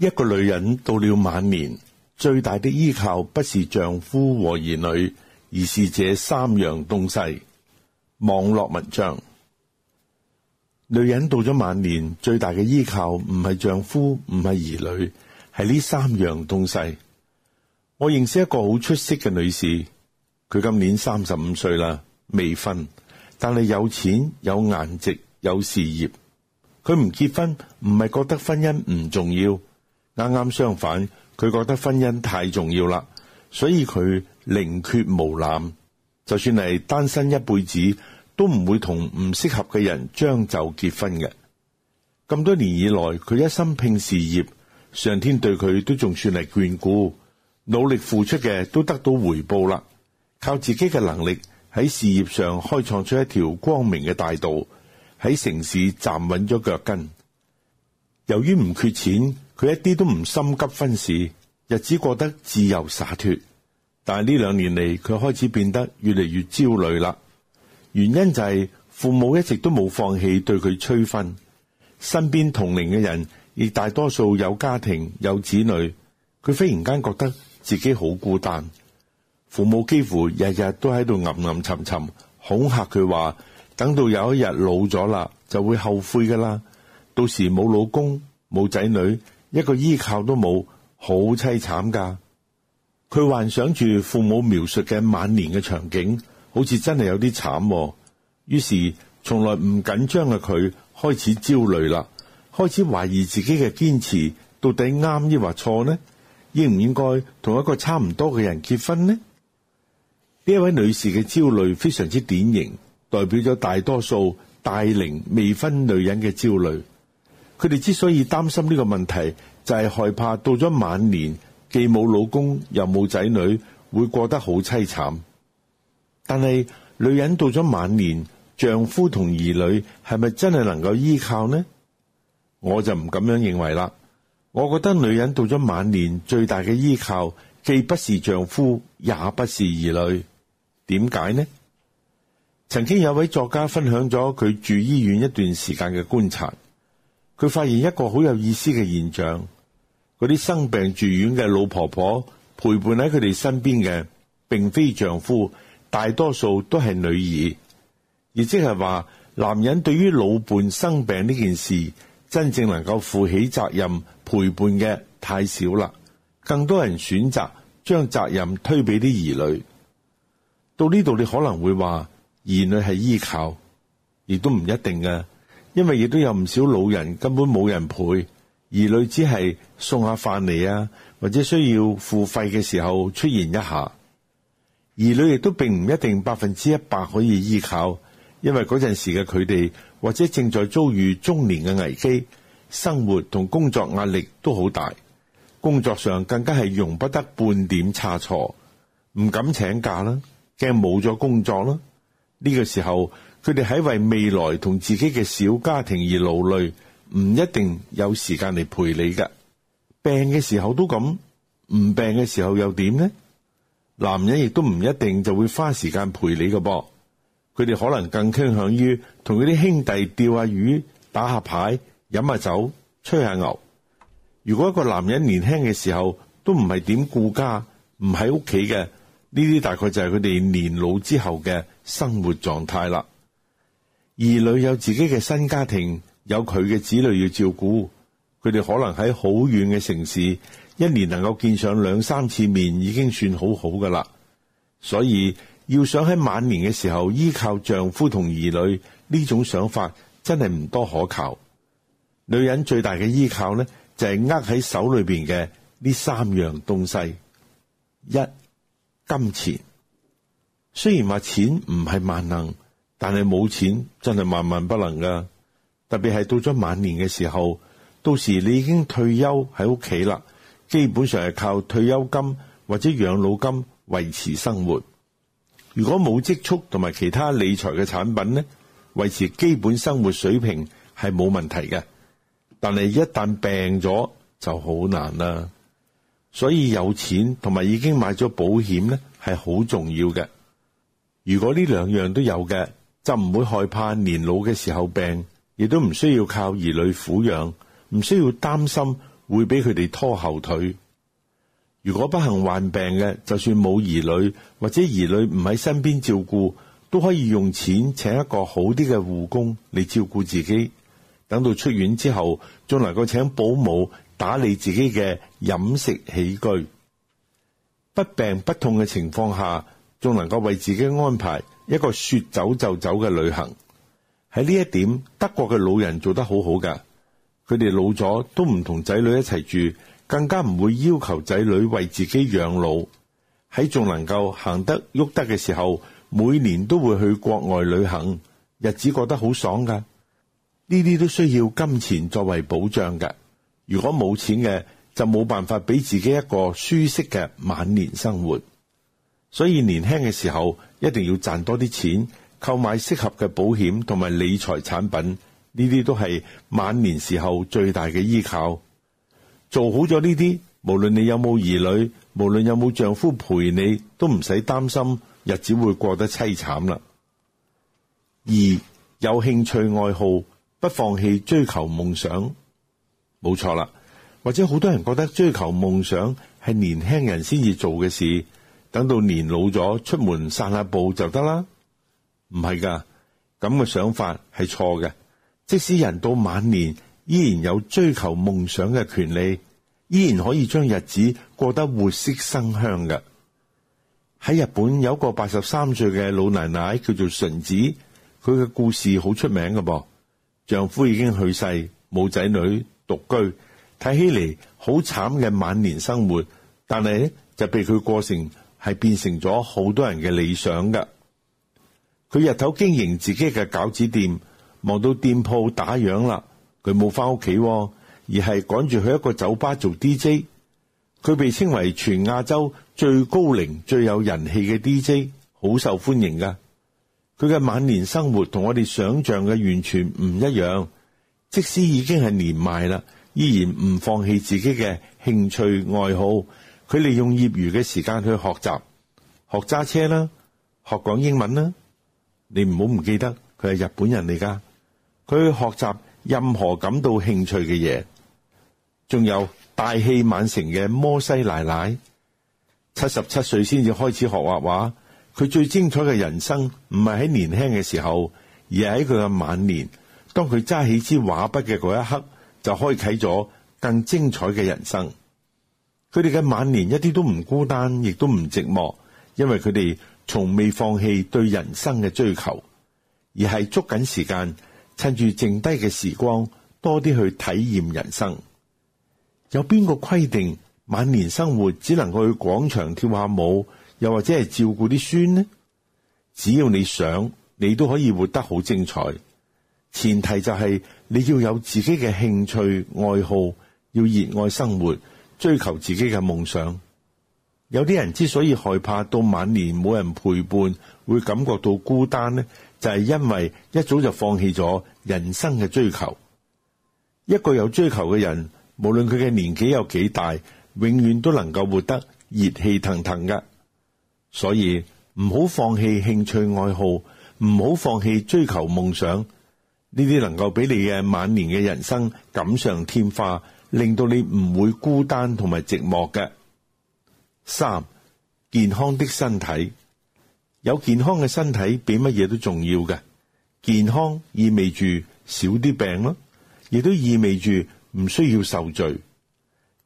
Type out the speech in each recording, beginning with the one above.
一個女人到了晚年，最大的依靠不是丈夫和兒女，而是這三樣東西。網絡文章，女人到咗晚年，最大嘅依靠唔係丈夫，唔係兒女，係呢三樣東西。我認識一個好出色嘅女士，佢今年三十五歲啦，未婚，但係有錢、有顏值、有事業。佢唔結婚唔係覺得婚姻唔重要。啱啱相反，佢覺得婚姻太重要啦，所以佢寧缺毋濫，就算係單身一輩子都唔會同唔適合嘅人將就結婚嘅。咁多年以來，佢一心拼事業，上天對佢都仲算係眷顧，努力付出嘅都得到回報啦。靠自己嘅能力喺事業上開創出一條光明嘅大道，喺城市站穩咗腳跟。由於唔缺錢，佢一啲都唔心急婚事，日子過得自由灑脫。但係呢兩年嚟，佢開始變得越嚟越焦慮啦。原因就係父母一直都冇放棄對佢催婚，身邊同齡嘅人亦大多數有家庭有子女，佢忽然間覺得自己好孤單。父母幾乎日日都喺度吟吟沉沉恐嚇佢話，等到有一日老咗啦就會後悔噶啦，到時冇老公冇仔女，一個依靠都冇，好淒慘噶。佢幻想住父母描述嘅晚年嘅場景，好似真係有啲慘哦。於是從來唔緊張嘅佢，開始焦慮啦，開始懷疑自己嘅堅持到底啱抑或錯呢？應唔應該同一個差唔多嘅人結婚呢？呢位女士嘅焦慮非常之典型，代表咗大多數大齡未婚女人嘅焦慮。佢哋之所以擔心呢個問題，就係害怕到咗晚年既，冇老公又冇仔女，會過得好淒慘。但係女人到咗晚年，丈夫同兒女係咪真係能夠依靠呢？我就唔咁樣認為啦。我覺得女人到咗晚年最大嘅依靠既不是丈夫，也不是兒女。點解呢？曾經有位作家分享咗佢住醫院一段時間嘅觀察。佢發現一個好有意思嘅現象，嗰啲生病住院嘅老婆婆陪伴喺佢哋身邊嘅，並非丈夫，大多數都係女兒，亦即係話男人對於老伴生病呢件事，真正能夠負起責任陪伴嘅太少啦，更多人選擇將責任推俾啲兒女。到呢度你可能會話，兒女係依靠，亦都唔一定嘅。因為亦都有唔少老人根本冇人陪，兒女只係送下飯嚟啊，或者需要付費嘅時候出現一下。兒女亦都並唔一定百分之一百可以依靠，因為嗰陣時嘅佢哋或者正在遭遇，中年嘅危機，生活同工作壓力都好大，工作上更加係容不得半點差錯，唔敢請假啦，驚冇咗工作啦。呢個時候，佢哋喺為未來同自己嘅小家庭而勞累，唔一定有時間嚟陪你噶。病嘅時候都咁，唔病嘅時候又點呢？男人亦都唔一定就會花時間陪你㗎噃。佢哋可能更傾向於同佢啲兄弟釣下魚、打下牌、飲下酒、吹下牛。如果一個男人年輕嘅時候都唔係點顧家，唔喺屋企嘅，呢啲大概就係佢哋年老之後嘅生活狀態啦。兒女有自己嘅新家庭，有佢嘅子女要照顧，佢哋可能喺好遠嘅城市，一年能夠見上兩三次面已經算好好噶啦。所以要想喺晚年嘅時候依靠丈夫同兒女呢種想法，真係唔多可靠。女人最大嘅依靠咧，就係握喺手裏邊嘅呢三樣東西：一、金錢。雖然話錢唔係萬能。但係冇錢真係萬萬不能噶，特別係到咗晚年嘅時候，到時你已經退休喺屋企啦，基本上係靠退休金或者養老金維持生活。如果冇積蓄同埋其他理財嘅產品咧，維持基本生活水平係冇問題嘅。但係一旦病咗就好難啦，所以有錢同埋已經買咗保險咧，係好重要嘅。如果呢兩樣都有嘅。就唔會害怕年老嘅時候病，亦都唔需要靠兒女撫養，唔需要擔心會俾佢哋拖後腿。如果不幸患病嘅，就算冇兒女或者兒女唔喺身邊照顧，都可以用錢請一個好啲嘅護工嚟照顧自己。等到出院之後，仲能夠請保姆打理自己嘅飲食起居。不病不痛嘅情況下，仲能夠為自己安排，一個說走就走嘅旅行。喺呢一點，德國嘅老人做得好好㗎。佢哋老咗都唔同仔女一齊住，更加唔會要求仔女為自己養老。喺仲能夠行得喐得嘅時候，每年都會去國外旅行，日子過得好爽㗎。呢啲都需要金錢作為保障嘅。如果冇錢嘅，就冇辦法俾自己一個舒適嘅晚年生活。所以年輕嘅時候一定要賺多啲錢，購買適合嘅保險同埋理財產品，呢啲都係晚年時候最大嘅依靠。做好咗呢啲，無論你有冇兒女，無論有冇丈夫陪你，都唔使擔心日子會過得凄慘啦。二、有興趣愛好，不放棄追求夢想，冇錯啦。或者好多人覺得追求夢想係年輕人先至做嘅事。等到年老咗，出門散下步就得啦，唔係噶，咁嘅想法係錯嘅。即使人到晚年，依然有追求夢想嘅權利，依然可以將日子過得活色生香嘅。喺日本有個八十三歲嘅老奶奶叫做純子，佢嘅故事好出名嘅。噃，丈夫已經去世，冇仔女獨居，睇起嚟好慘嘅晚年生活，但係咧就被佢過成，係變成咗好多人嘅理想噶。佢日頭經營自己嘅餃子店，望到店鋪打烊啦，佢冇翻屋企，而係趕住去一個酒吧做 DJ。佢被稱為全亞洲最高齡最有人氣嘅 DJ，好受歡迎噶。佢嘅晚年生活同我哋想象嘅完全唔一樣。即使已經係年邁啦，依然唔放棄自己嘅興趣愛好。佢利用業餘嘅時間去學習，學揸車啦，學講英文啦。你唔好唔記得，佢係日本人嚟㗎。佢去學習任何感到興趣嘅嘢。仲有大器晚成嘅摩西奶奶，七十七歲先至開始學畫畫。佢最精彩嘅人生唔係喺年輕嘅時候，而係喺佢嘅晚年。當佢揸起支畫筆嘅嗰一刻，就開啟咗更精彩嘅人生。佢哋嘅晚年一啲都唔孤單，亦都唔寂寞，因為佢哋從未放棄對人生嘅追求，而係捉緊時間，趁住剩低嘅時光多啲去體驗人生。有邊個規定晚年生活只能去廣場跳下舞，又或者係照顧啲孫呢？只要你想，你都可以活得好精彩。前提就係你要有自己嘅興趣、愛好，要熱愛生活。追求自己嘅夢想，有啲人之所以害怕到晚年冇人陪伴，會感覺到孤單呢，就係因為一早就放棄咗人生嘅追求。一個有追求嘅人，無論佢嘅年紀有幾大，永遠都能夠活得熱氣騰騰嘅。所以唔好放棄興趣愛好，唔好放棄追求夢想，呢啲能夠俾你嘅晚年嘅人生錦上添花。令到你唔會孤單同埋寂寞嘅。三、健康的身體，有健康嘅身體比乜嘢都重要嘅。健康意味住少啲病咯，亦都意味住唔需要受罪。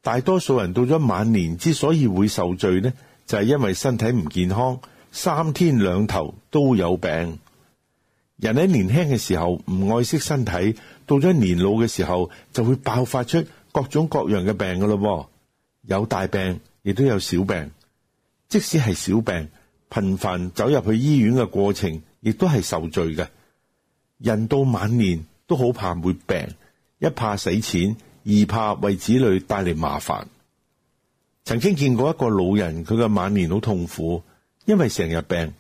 大多數人到咗晚年之所以會受罪呢，就係因為身體唔健康，三天兩頭都有病。人喺年輕嘅時候唔愛惜身體，到咗年老嘅時候就會爆發出。各種各樣嘅病噶咯，有大病，亦都有小病。即使係小病，頻繁走入去醫院嘅過程，亦都係受罪嘅。人到晚年都好怕會病，一怕使錢，二怕為子女帶嚟麻煩。曾經見過一個老人，佢嘅晚年好痛苦，因為成日病。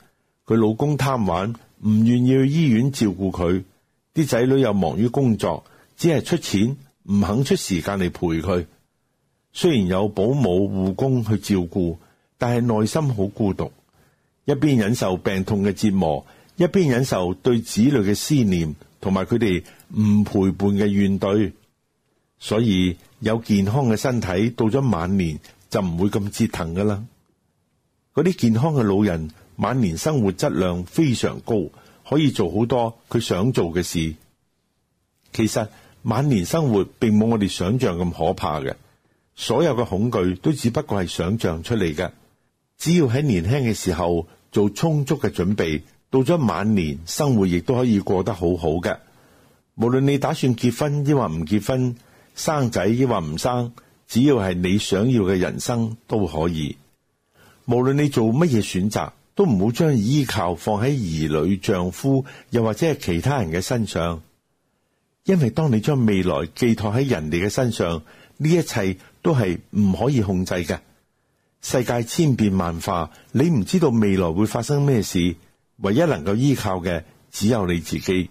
佢老公貪玩，唔願意去醫院照顧佢，啲仔女又忙於工作，只係出錢。唔肯出時間嚟陪佢，雖然有保姆護工去照顧，但係內心好孤獨，一邊忍受病痛嘅折磨，一邊忍受對子女嘅思念，同埋佢哋唔陪伴嘅怨懟。所以有健康嘅身體，到咗晚年就唔會咁折騰噶啦。嗰啲健康嘅老人晚年生活質量非常高，可以做好多佢想做嘅事。其實，晚年生活並冇我哋想象咁可怕嘅，所有嘅恐懼都只不過係想象出嚟嘅。只要喺年輕嘅時候做充足嘅準備，到咗晚年生活亦都可以過得好好嘅。無論你打算結婚抑或唔結婚，生仔抑或唔生，只要係你想要嘅人生都可以。無論你做乜嘢選擇，都唔好將依靠放喺兒女、丈夫又或者係其他人嘅身上。因為當你將未來寄託喺人哋嘅身上，呢一切都係唔可以控制嘅。世界千變萬化，你唔知道未來會發生咩事。唯一能夠依靠嘅只有你自己。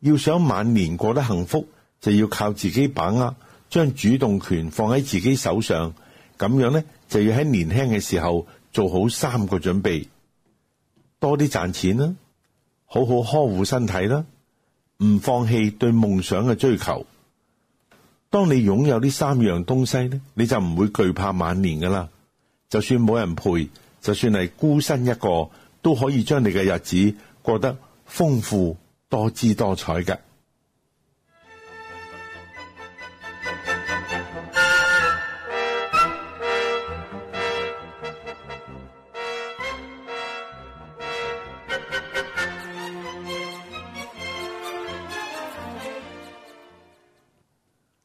要想晚年過得幸福，就要靠自己把握，將主動權放喺自己手上。咁樣呢，就要喺年輕嘅時候做好三個準備：多啲賺錢啦、啊，好好呵護身體啦、啊。唔放棄對夢想嘅追求。當你擁有呢三樣東西咧，你就唔會懼怕晚年噶啦。就算冇人陪，就算係孤身一個，都可以將你嘅日子過得豐富多姿多彩嘅。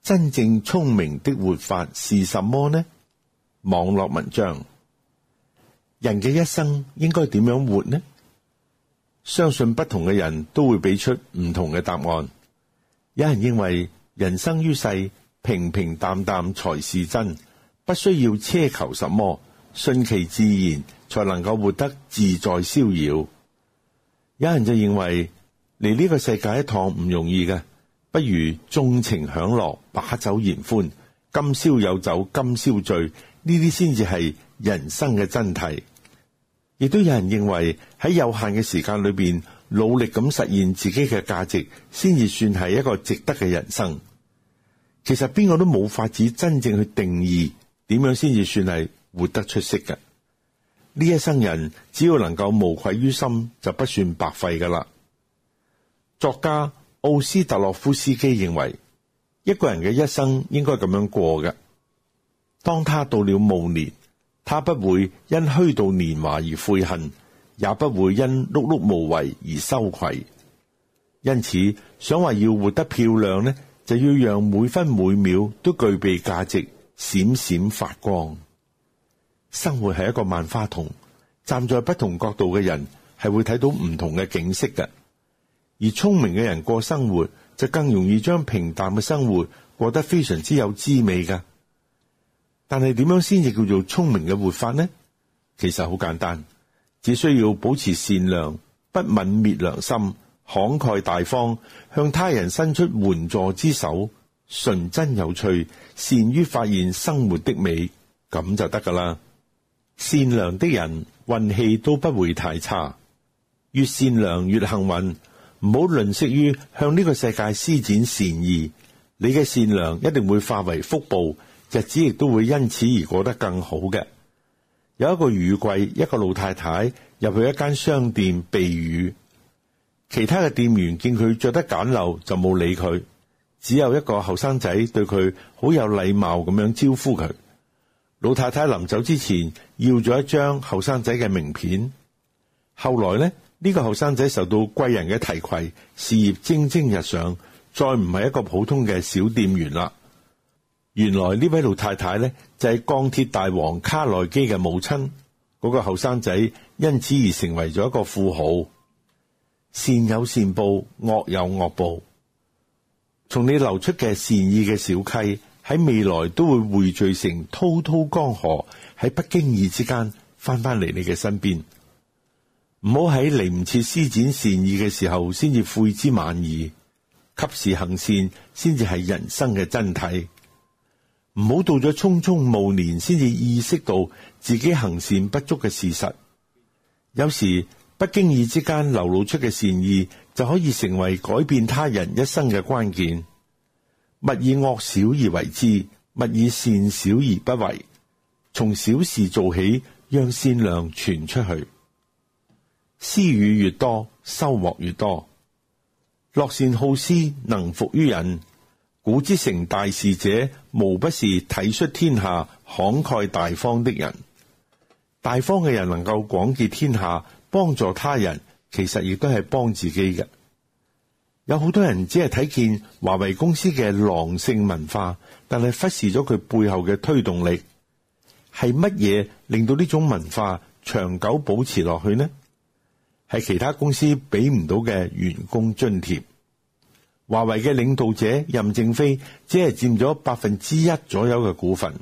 真正聰明的活法是什麼呢？網絡文章，人嘅一生應該點樣活呢？相信不同嘅人都會俾出唔同嘅答案。有人認為人生於世平平淡淡才是真，不需要奢求什麼，順其自然才能夠活得自在逍遙。有人就認為嚟呢個世界一趟唔容易嘅。不如縱情享樂，把酒言歡，今宵有酒今宵醉，呢啲先至係人生嘅真諦。亦都有人認為喺有限嘅時間裏邊，努力咁實現自己嘅價值，先至算係一個值得嘅人生。其實邊個都冇法子真正去定義點樣先至算係活得出色嘅。呢一生人只要能夠無愧於心，就不算白費噶啦。作家。奧斯特洛夫斯基認為，一個人嘅一生應該咁樣過嘅。當他到了暮年，他不會因虛度年華而悔恨，也不會因碌碌無為而羞愧。因此，想話要活得漂亮呢，就要讓每分每秒都具備價值，閃閃發光。生活係一個萬花筒，站在不同角度嘅人係會睇到唔同嘅景色嘅。而聰明嘅人過生活就更容易將平淡嘅生活過得非常之有滋味噶。但係點樣先至叫做聰明嘅活法呢？其實好簡單，只需要保持善良，不泯滅良心，慷慨大方，向他人伸出援助之手，純真有趣，善於發現生活的美，咁就得噶啦。善良的人運氣都不會太差，越善良越幸運。唔好吝嗇於向呢個世界施展善意，你嘅善良一定會化為福報，日子亦都會因此而過得更好嘅。有一個雨季，一個老太太入去一間商店避雨，其他嘅店員見佢着得簡陋就冇理佢，只有一個後生仔對佢好有禮貌咁樣招呼佢。老太太臨走之前要咗一張後生仔嘅名片，後來呢。呢個後生仔受到貴人嘅提携，事業蒸蒸日上，再唔係一個普通嘅小店員啦。原來呢位老太太咧就係、是、鋼鐵大王卡內基嘅母親，嗰、那個後生仔因此而成為咗一個富豪。善有善報，惡有惡報。從你流出嘅善意嘅小溪，喺未來都會匯聚成滔滔江河，喺不經意之間翻返嚟你嘅身邊。唔好喺嚟唔切施展善意嘅時候，先至悔之晚矣。及時行善，先至係人生嘅真諦。唔好到咗匆匆暮年，先至意識到自己行善不足嘅事實。有時不經意之間流露出嘅善意，就可以成為改變他人一生嘅關鍵。勿以惡小而為之，勿以善小而不為。從小事做起，讓善良傳出去。私語越多，收穫越多。樂善好施，能服於人。古之成大事者，無不是體恤天下、慷慨大方的人。大方嘅人能夠廣結天下，幫助他人，其實亦都係幫自己嘅。有好多人只係睇見華為公司嘅狼性文化，但係忽視咗佢背後嘅推動力。係乜嘢令到呢種文化長久保持落去呢？係其他公司俾唔到嘅員工津貼，華為嘅領導者任正非只係佔咗百分之一左右嘅股份，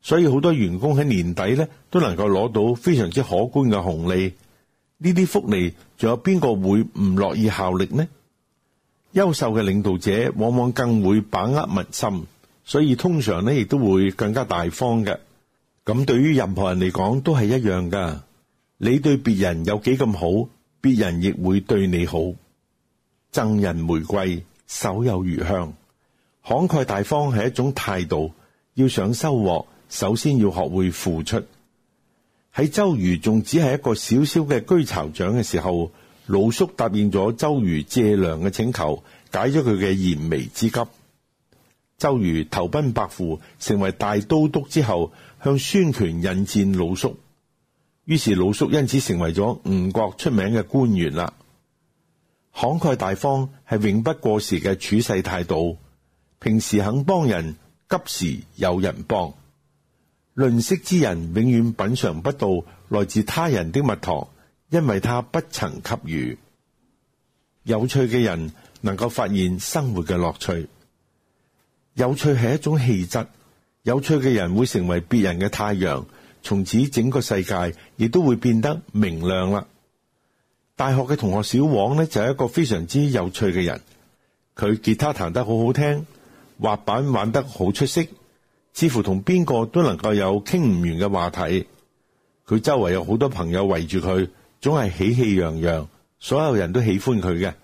所以好多員工喺年底咧都能夠攞到非常之可觀嘅紅利。呢啲福利仲有邊個會唔樂意效力呢？優秀嘅領導者往往更會把握民心，所以通常咧亦都會更加大方嘅。咁對於任何人嚟講都係一樣噶。你對別人有幾咁好，別人亦會對你好。贈人玫瑰，手有餘香。慷慨大方係一種態度。要想收穫，首先要學會付出。喺周瑜仲只係一個小小嘅居巢長嘅時候，魯肅答應咗周瑜借糧嘅請求，解咗佢嘅燃眉之急。周瑜投奔伯符，成為大都督之後，向孫權引薦魯肅。於是老叔因此成為咗吳國出名嘅官員啦。慷慨大方係永不過時嘅處世態度。平時肯幫人，急時有人幫。吝嗇之人永遠品嘗不到來自他人的蜜糖，因為他不曾給予。有趣嘅人能夠發現生活嘅樂趣。有趣係一種氣質。有趣嘅人會成為別人嘅太陽。從此整個世界亦都會變得明亮啦！大學嘅同學小王呢，就係一個非常之有趣嘅人，佢吉他彈得好好聽，滑板玩得好出色，似乎同邊個都能夠有傾唔完嘅話題。佢周圍有好多朋友圍住佢，總係喜氣洋洋，所有人都喜歡佢嘅。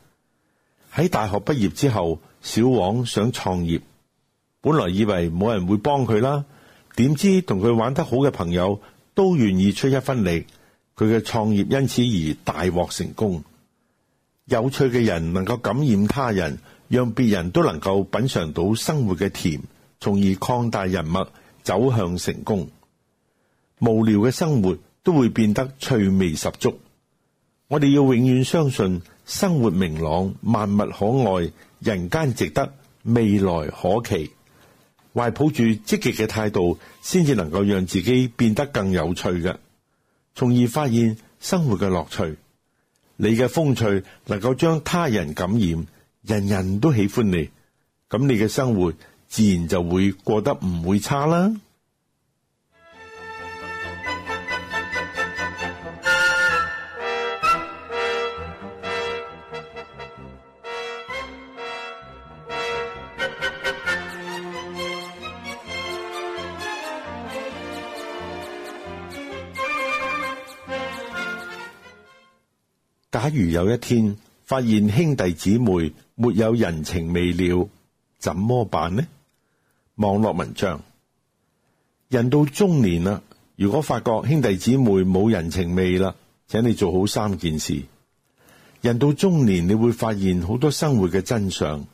喺大學畢業之後，小王想創業，本來以為冇人會幫佢啦。點知同佢玩得好嘅朋友都願意出一分力，佢嘅創業因此而大獲成功。有趣嘅人能夠感染他人，讓別人都能夠品嘗到生活嘅甜，從而擴大人脈，走向成功。無聊嘅生活都會變得趣味十足。我哋要永遠相信，生活明朗，萬物可愛，人間值得，未來可期。懷抱住積極嘅態度，先至能夠讓自己變得更有趣嘅，從而發現生活嘅樂趣。你嘅風趣能夠將他人感染，人人都喜歡你，咁你嘅生活自然就會過得唔會差啦。假如有一天發現兄弟姊妹沒有人情味了，怎麼辦呢？網絡文章，人到中年啦，如果發覺兄弟姊妹冇人情味啦，請你做好三件事。人到中年，你會發現好多生活嘅真相。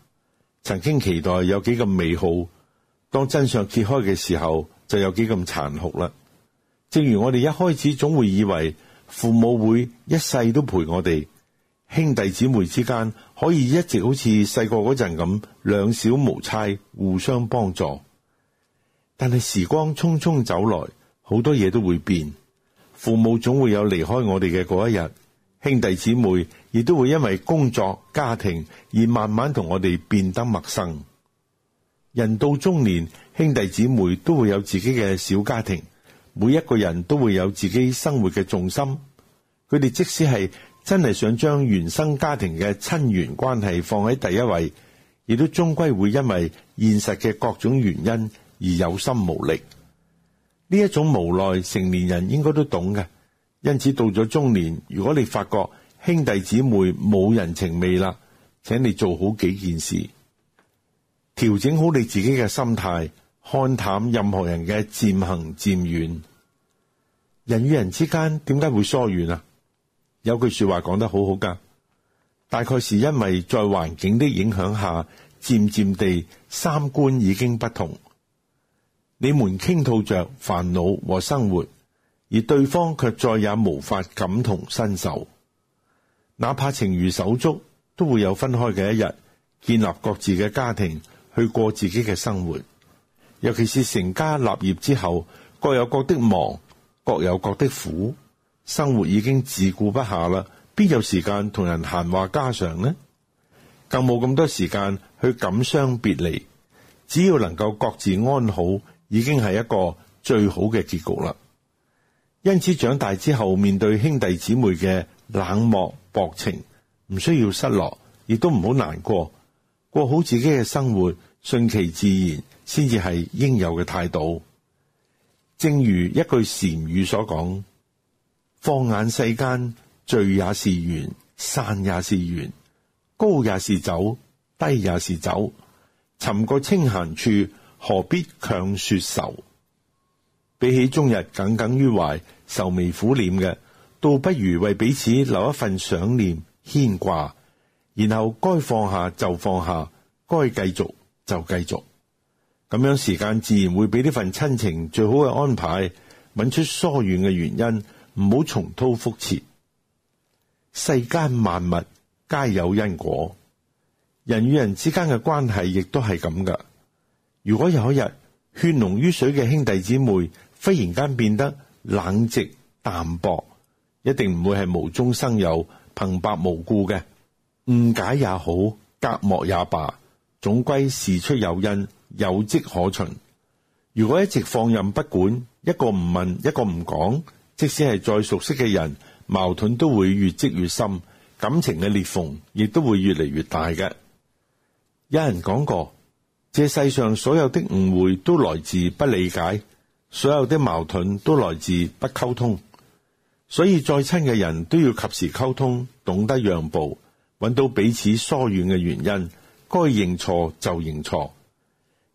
曾經期待有幾咁美好，當真相揭開嘅時候，就有幾咁殘酷啦。正如我哋一開始總會以為。父母會一世都陪我哋，兄弟姊妹之間可以一直好似細個嗰陣咁兩小無猜，互相幫助。但係時光匆匆走來，好多嘢都會變。父母總會有離開我哋嘅嗰一日，兄弟姊妹亦都會因為工作、家庭而慢慢同我哋變得陌生。人到中年，兄弟姊妹都會有自己嘅小家庭。每一個人都會有自己生活嘅重心，佢哋即使係真係想將原生家庭嘅親緣關係放喺第一位，亦都終歸會因為現實嘅各種原因而有心無力。呢一種無奈，成年人應該都懂嘅。因此到咗中年，如果你發覺兄弟姊妹冇人情味啦，請你做好幾件事，調整好你自己嘅心態。看淡任何人嘅漸行漸遠，人與人之間點解會疏遠啊？有句說話講得好好噶，大概是因為在環境的影響下，漸漸地三觀已經不同。你們傾吐着煩惱和生活，而對方卻再也無法感同身受。哪怕情如手足，都會有分開嘅一日，建立各自嘅家庭，去過自己嘅生活。尤其是成家立業之後，各有各的忙，各有各的苦，生活已經自顧不下啦，邊有時間同人閒話家常呢，更冇咁多時間去感傷別離。只要能夠各自安好，已經係一個最好嘅結局啦。因此長大之後，面對兄弟姊妹嘅冷漠薄情，唔需要失落，亦都唔好難過，過好自己嘅生活。順其自然先至係應有嘅態度，正如一句禪語所講：放眼世間，聚也是緣，散也是緣；高也是走，低也是走。尋個清閒處，何必強說愁？比起終日耿耿於懷、愁眉苦臉嘅，倒不如為彼此留一份想念牽掛，然後該放下就放下，該繼續。就繼續咁樣，時間自然會俾呢份親情最好嘅安排，揾出疏遠嘅原因，唔好重蹈覆轍。世間萬物皆有因果，人與人之間嘅關係亦都係咁噶。如果有一日血濃於水嘅兄弟姊妹忽然間變得冷靜淡薄，一定唔會係無中生有、憑白無故嘅，誤解也好，隔膜也罷。總歸事出有因，有迹可循。如果一直放任不管，一個唔問，一個唔講，即使係再熟悉嘅人，矛盾都會越積越深，感情嘅裂縫亦都會越嚟越大嘅。有人講過，這世上所有的誤會都來自不理解，所有的矛盾都來自不溝通。所以再親嘅人都要及時溝通，懂得讓步，搵到彼此疏遠嘅原因。該認錯就認錯，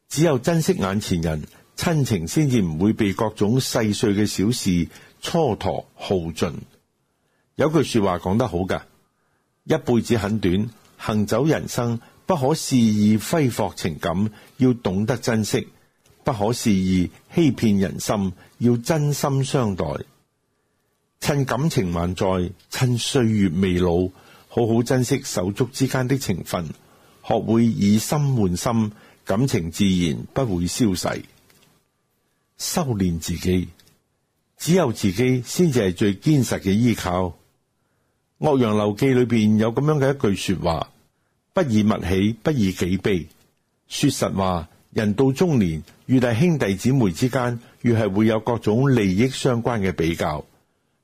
只有珍惜眼前人，親情先至唔會被各種細碎嘅小事蹉跎耗盡。有句話說話講得好㗎，一輩子很短，行走人生不可肆意揮霍情感，要懂得珍惜；不可肆意欺騙人心，要真心相待。趁感情還在，趁歲月未老，好好珍惜手足之間的情分。學會以心換心，感情自然不會消逝。修煉自己，只有自己先至係最堅實嘅依靠。《岳陽樓記》裏邊有咁樣嘅一句說話：不以物喜，不以己悲。說實話，人到中年，越係兄弟姊妹之間，越係會有各種利益相關嘅比較。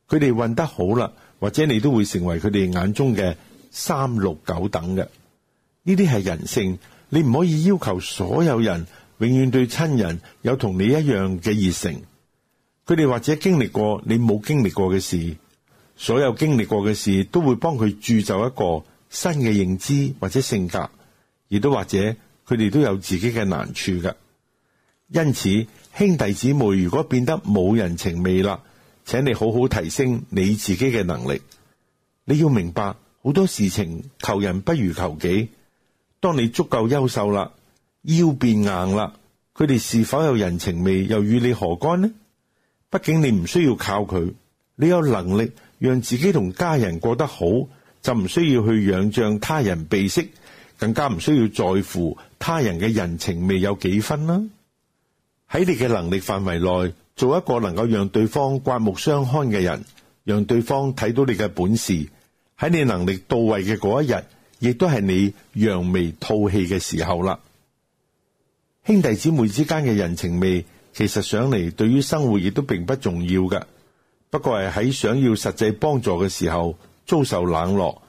佢哋混得好啦，或者你都會成為佢哋眼中嘅三六九等嘅。呢啲係人性，你唔可以要求所有人永遠對親人有同你一樣嘅熱誠。佢哋或者經歷過你冇經歷過嘅事，所有經歷過嘅事都會幫佢鑄就一個新嘅認知或者性格，亦都或者佢哋都有自己嘅難處㗎。因此，兄弟姊妹如果變得冇人情味啦，請你好好提升你自己嘅能力。你要明白，好多事情，求人不如求己。當你足夠優秀啦，腰變硬啦，佢哋是否有人情味，又與你何干呢？畢竟你唔需要靠佢，你有能力讓自己同家人過得好，就唔需要去仰仗他人鼻息，更加唔需要在乎他人嘅人情味有幾分啦。喺你嘅能力範圍內，做一個能夠讓對方刮目相看嘅人，讓對方睇到你嘅本事。喺你能力到位嘅嗰一日。亦都係你揚眉吐氣嘅時候啦。兄弟姊妹之間嘅人情味，其實上嚟，對於生活亦都並不重要嘅。不過係喺想要實際幫助嘅時候，遭受冷落，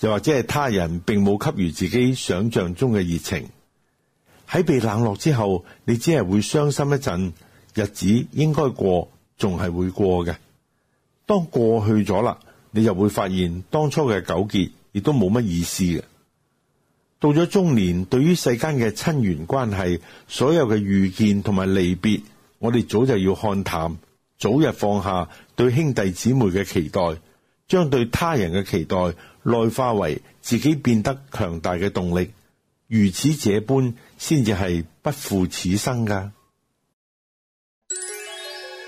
又或者係他人並冇給予自己想象中嘅熱情。喺被冷落之後，你只係會傷心一陣，日子應該過，仲係會過嘅。當過去咗啦，你就會發現當初嘅糾結。亦都冇乜意思嘅。到咗中年，對於世間嘅親緣關係、所有嘅遇見同埋離別，我哋早就要看淡，早日放下對兄弟姊妹嘅期待，將對他人嘅期待內化為自己變得強大嘅動力。如此這般，先至係不負此生㗎。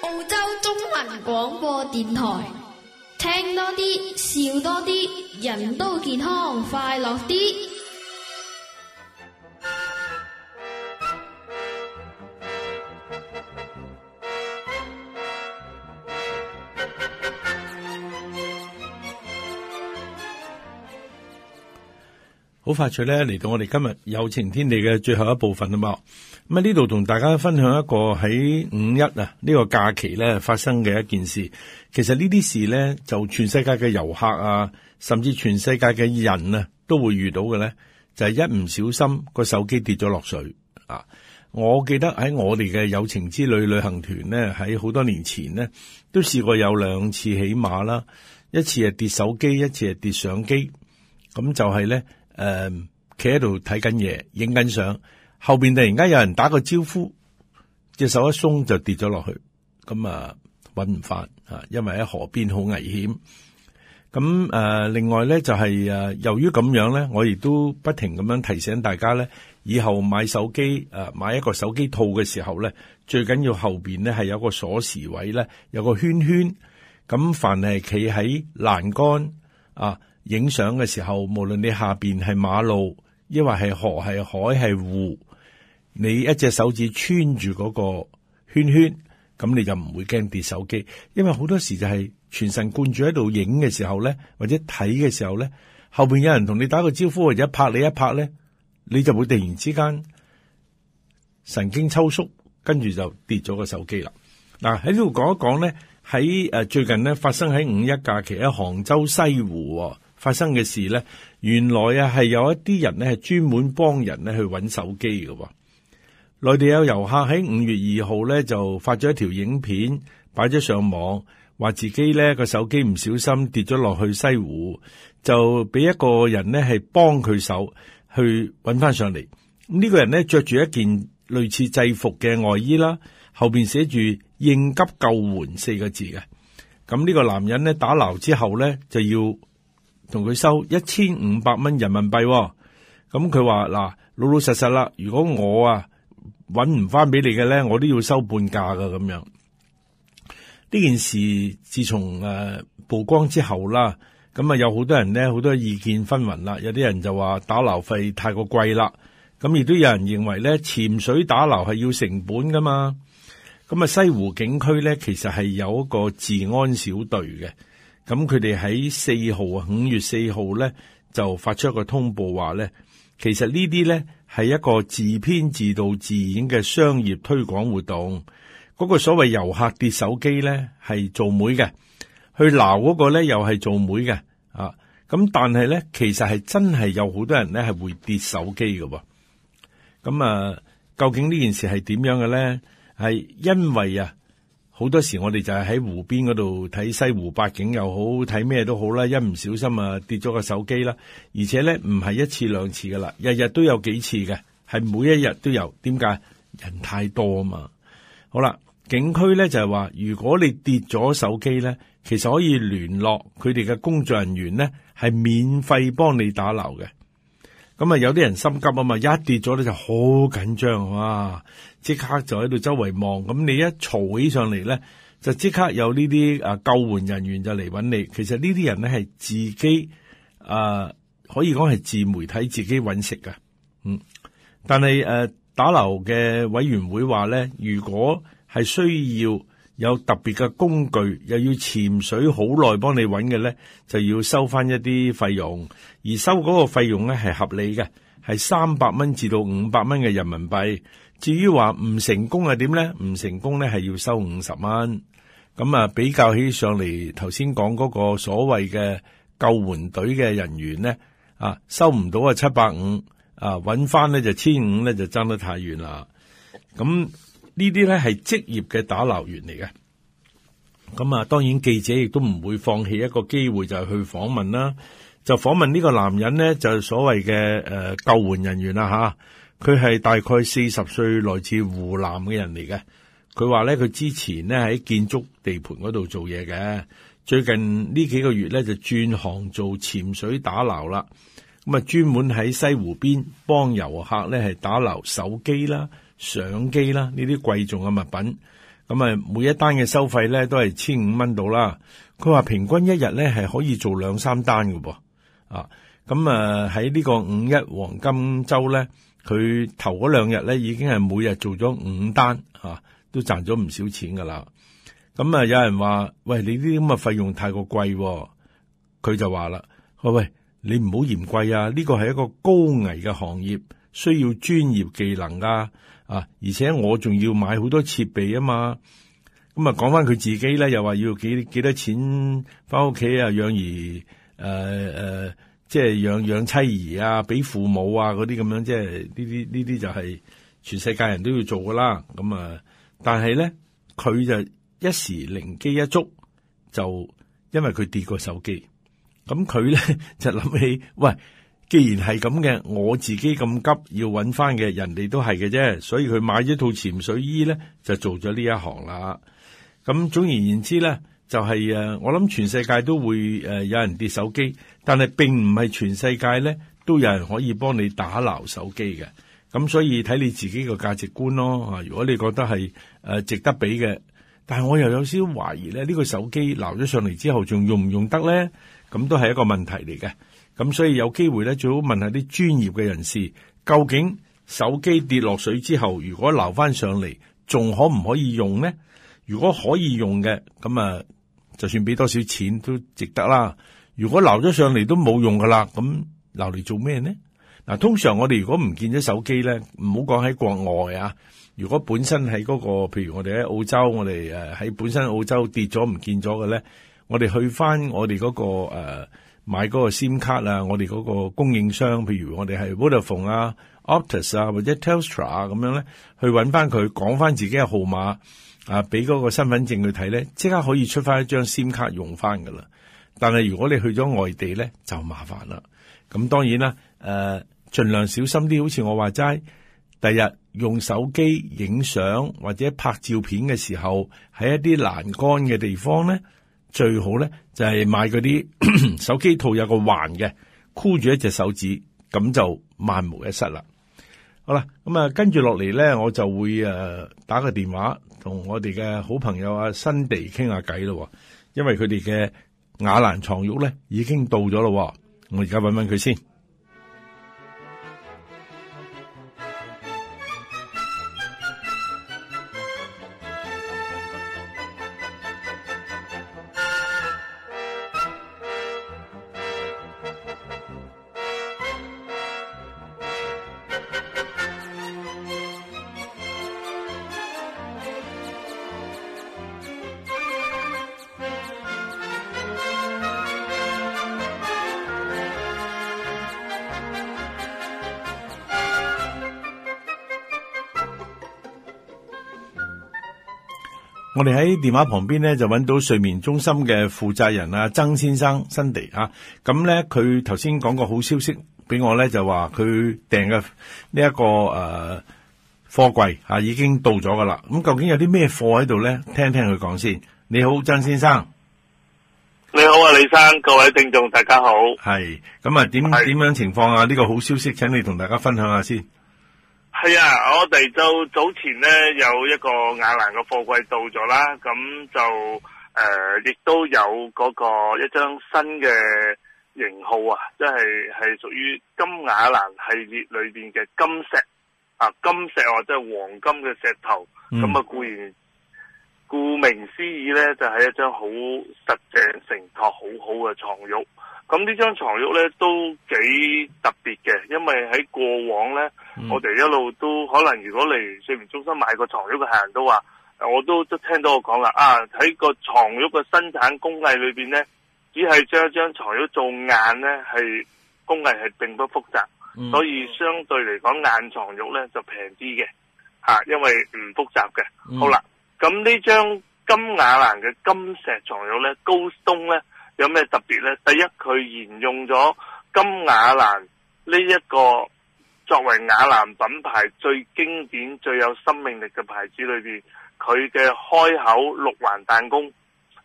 澳洲中文廣播電台。聽多啲，笑多啲，人都健康，快樂啲。好快趣咧，嚟到我哋今日有情天地嘅最後一部分啦，嘛咁啊，呢度同大家分享一個喺五一啊呢個假期咧發生嘅一件事。其實呢啲事咧就全世界嘅遊客啊，甚至全世界嘅人啊都會遇到嘅咧，就係一唔小心個手機跌咗落水啊。我記得喺我哋嘅有情之旅旅行團咧，喺好多年前呢，都試過有兩次起碼啦，一次係跌手機，一次係跌相機，咁就係咧。誒，企喺度睇緊嘢，影緊相，後邊突然間有人打個招呼，隻手一鬆就跌咗落去，咁、嗯、啊，揾唔翻啊，因為喺河邊好危險。咁、嗯、誒、啊，另外咧就係、是、誒、啊，由於咁樣咧，我亦都不停咁樣提醒大家咧，以後買手機誒、啊，買一個手機套嘅時候咧，最緊要後邊咧係有個鎖匙位咧，有個圈圈，咁、嗯、凡係企喺欄杆啊。影相嘅時候，無論你下邊係馬路，抑或係河、係海、係湖，你一隻手指穿住嗰個圈圈，咁你就唔會驚跌手機。因為好多時就係全神貫注喺度影嘅時候咧，或者睇嘅時候咧，後邊有人同你打個招呼或者拍你一拍咧，你就會突然之間神經抽縮，跟住就跌咗個手機啦。嗱、啊，喺呢度講一講咧，喺誒最近咧發生喺五一假期喺杭州西湖。發生嘅事呢，原來啊係有一啲人咧係專門幫人咧去揾手機嘅喎。內地有遊客喺五月二號呢就發咗一條影片擺咗上網，話自己呢個手機唔小心跌咗落去西湖，就俾一個人呢係幫佢手去揾翻上嚟。呢、這個人呢着住一件類似制服嘅外衣啦，後邊寫住應急救援四個字嘅。咁呢個男人呢打撈之後呢，就要。同佢收一千五百蚊人民幣，哦，咁佢話，嗱老老實實啦，如果我啊揾唔翻俾你嘅咧，我都要收半價噶咁樣。呢件事自從誒、呃、曝光之後啦，咁、嗯、啊有好多人咧好多意見紛紜啦，有啲人就話打撈費太過貴啦，咁、嗯、亦都有人認為咧潛水打撈係要成本噶嘛，咁、嗯、啊西湖景區咧其實係有一個治安小隊嘅。咁佢哋喺四號啊五月四號咧，就發出一個通報話咧，其實呢啲咧係一個自編自導自演嘅商業推廣活動。嗰個所謂遊客跌手機咧，係做媒嘅，去鬧嗰個咧又係做媒嘅啊。咁但係咧，其實係真係有好多人咧係會跌手機嘅。咁啊，究竟呢件事係點樣嘅咧？係因為啊。好多時我哋就係喺湖邊嗰度睇西湖八景又好，睇咩都好啦。一唔小心啊，跌咗個手機啦。而且咧唔係一次兩次噶啦，日日都有幾次嘅，係每一日都有。點解？人太多啊嘛。好啦，景區咧就係話，如果你跌咗手機咧，其實可以聯絡佢哋嘅工作人員咧，係免費幫你打撈嘅。咁啊，有啲人心急啊嘛，一跌咗咧就好緊張哇！即刻就喺度周圍望，咁你一嘈起上嚟咧，就即刻有呢啲啊救援人員就嚟揾你。其實呢啲人咧係自己啊、呃，可以講係自媒體自己揾食噶。嗯，但係誒、呃、打撈嘅委員會話咧，如果係需要有特別嘅工具，又要潛水好耐，幫你揾嘅咧，就要收翻一啲費用。而收嗰個費用咧係合理嘅，係三百蚊至到五百蚊嘅人民幣。至於話唔成功係點咧？唔成功咧，係要收五十蚊，咁啊比較起上嚟，頭先講嗰個所謂嘅救援隊嘅人員咧，啊收唔到啊七百五，啊揾翻呢就千五咧，就爭得太遠啦。咁呢啲咧係職業嘅打撈員嚟嘅。咁啊當然記者亦都唔會放棄一個機會就係去訪問啦，就訪問呢個男人咧就所謂嘅誒救援人員啦吓。佢係大概四十歲，來自湖南嘅人嚟嘅。佢話咧，佢之前咧喺建築地盤嗰度做嘢嘅，最近呢幾個月咧就轉行做潛水打撈啦。咁啊，專門喺西湖邊幫遊客咧係打撈手機啦、相機啦呢啲貴重嘅物品。咁啊，每一單嘅收費咧都係千五蚊到啦。佢話平均一日咧係可以做兩三單嘅噃。啊，咁啊喺呢個五一黃金周咧。佢頭嗰兩日咧，已經係每日做咗五單，嚇、啊、都賺咗唔少錢噶啦。咁、嗯、啊，有人話，喂，你啲咁嘅費用太過貴，哦。佢就話啦，喂喂，你唔好嫌貴啊！呢個係一個高危嘅行業，需要專業技能噶，啊。啊，而且我仲要買好多設備啊嘛。咁、嗯、啊，講翻佢自己咧，又話要幾幾多錢翻屋企啊養兒，誒誒。呃呃即係養養妻兒啊，俾父母啊嗰啲咁樣，即係呢啲呢啲就係全世界人都要做噶啦。咁、嗯、啊，但係咧佢就一時靈機一觸，就因為佢跌個手機，咁佢咧就諗起，喂，既然係咁嘅，我自己咁急要揾翻嘅，人哋都係嘅啫，所以佢買咗套潛水衣咧，就做咗呢一行啦。咁、嗯、總而言之咧，就係、是、誒，我諗全世界都會誒有人跌手機。但係並唔係全世界咧都有人可以幫你打撈手機嘅，咁所以睇你自己個價值觀咯。如果你覺得係誒、呃、值得俾嘅，但係我又有少少懷疑咧，呢、這個手機撈咗上嚟之後，仲用唔用得咧？咁都係一個問題嚟嘅。咁所以有機會咧，最好問下啲專業嘅人士，究竟手機跌落水之後，如果撈翻上嚟，仲可唔可以用咧？如果可以用嘅，咁啊，就算俾多少錢都值得啦。如果撈咗上嚟都冇用噶啦，咁撈嚟做咩呢？嗱、啊，通常我哋如果唔見咗手機咧，唔好講喺國外啊。如果本身喺嗰、那個，譬如我哋喺澳洲，我哋誒喺本身澳洲跌咗唔見咗嘅咧，我哋去翻我哋嗰、那個誒、呃、買嗰個 SIM 卡啊，我哋嗰個供應商，譬如我哋係 Vodafone 啊、Optus 啊或者 Telstra 咁、啊、樣咧，去揾翻佢講翻自己嘅號碼啊，俾嗰個身份證去睇咧，即刻可以出翻一張 SIM 卡用翻噶啦。但係如果你去咗外地咧，就麻煩啦。咁當然啦，誒、呃，盡量小心啲。好似我話齋，第日用手機影相或者拍照片嘅時候，喺一啲欄杆嘅地方咧，最好咧就係、是、買嗰啲 手機套有個環嘅，箍住一隻手指，咁就萬無一失啦。好啦，咁、嗯、啊，跟住落嚟咧，我就會誒、呃、打個電話同我哋嘅好朋友阿、啊、新地傾下偈咯，因為佢哋嘅。雅蘭床褥咧，已經到咗咯，我而家問問佢先。我哋喺電話旁邊咧就揾到睡眠中心嘅負責人啊，曾先生新迪啊，咁咧佢頭先講個好消息俾我咧，就話佢訂嘅呢一個誒貨櫃啊，啊已經到咗噶啦。咁、啊、究竟有啲咩貨喺度咧？聽一聽佢講先。你好，曾先生。你好啊，李生，各位聽眾，大家好。係，咁啊點點樣情況啊？呢、這個好消息，請你同大家分享下先。係啊，我哋就早前呢，有一個雅蘭嘅貨櫃到咗啦，咁就誒亦、呃、都有嗰個一張新嘅型號啊，即係係屬於金雅蘭系列裏邊嘅金石啊，金石或者、啊、黃金嘅石頭，咁啊、嗯、固然，顧名思義呢，就係、是、一張好實淨、承托好好嘅床褥。咁呢張床褥咧都幾特別嘅，因為喺過往咧，嗯、我哋一路都可能如果嚟睡眠中心買個床褥嘅客人都話，我都都聽到我講啦，啊喺個床褥嘅生產工藝裏邊咧，只係將一張床褥做硬咧，係工藝係並不複雜，嗯、所以相對嚟講硬床褥咧就平啲嘅嚇，因為唔複雜嘅。嗯、好啦，咁呢張金雅蘭嘅金石床褥咧，高東咧。有咩特別呢？第一，佢沿用咗金雅蘭呢一個作為雅蘭品牌最經典、最有生命力嘅牌子裏邊，佢嘅開口六環彈弓